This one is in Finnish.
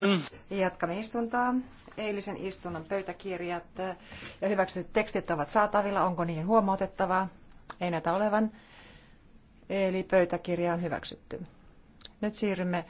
Mm. Jatkamme istuntoa. Eilisen istunnon pöytäkirjat ja hyväksytyt tekstit ovat saatavilla. Onko niihin huomautettavaa? Ei näitä olevan. Eli pöytäkirja on hyväksytty. Nyt siirrymme